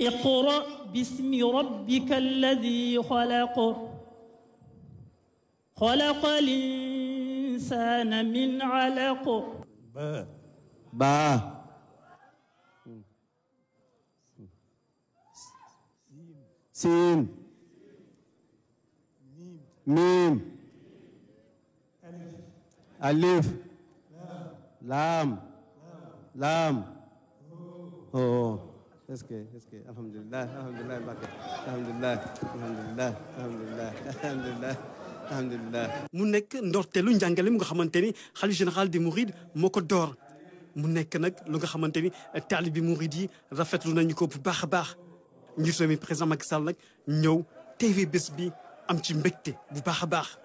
اقرأ باسم ربك الذي خلق خلق الإنسان من علق با با سين ميم ألف لام لام هو est-ce que est-ce que alhamdulilah alhamdulilah Mbacke alhamdulilah alhamdulilah alhamdulilah alhamdulilah alhamdulilah mu nekk ndorteelu njàngale mu nga xamante ni xalif général di Mouride moo ko door mu nekk nag lu nga xamante ni taalibi Mouride yi rafetlu nañu ko bu baax a baax njiitu mi président Macky Sall nag ñëw teewe bés bi am ci mbégte bu baax a baax.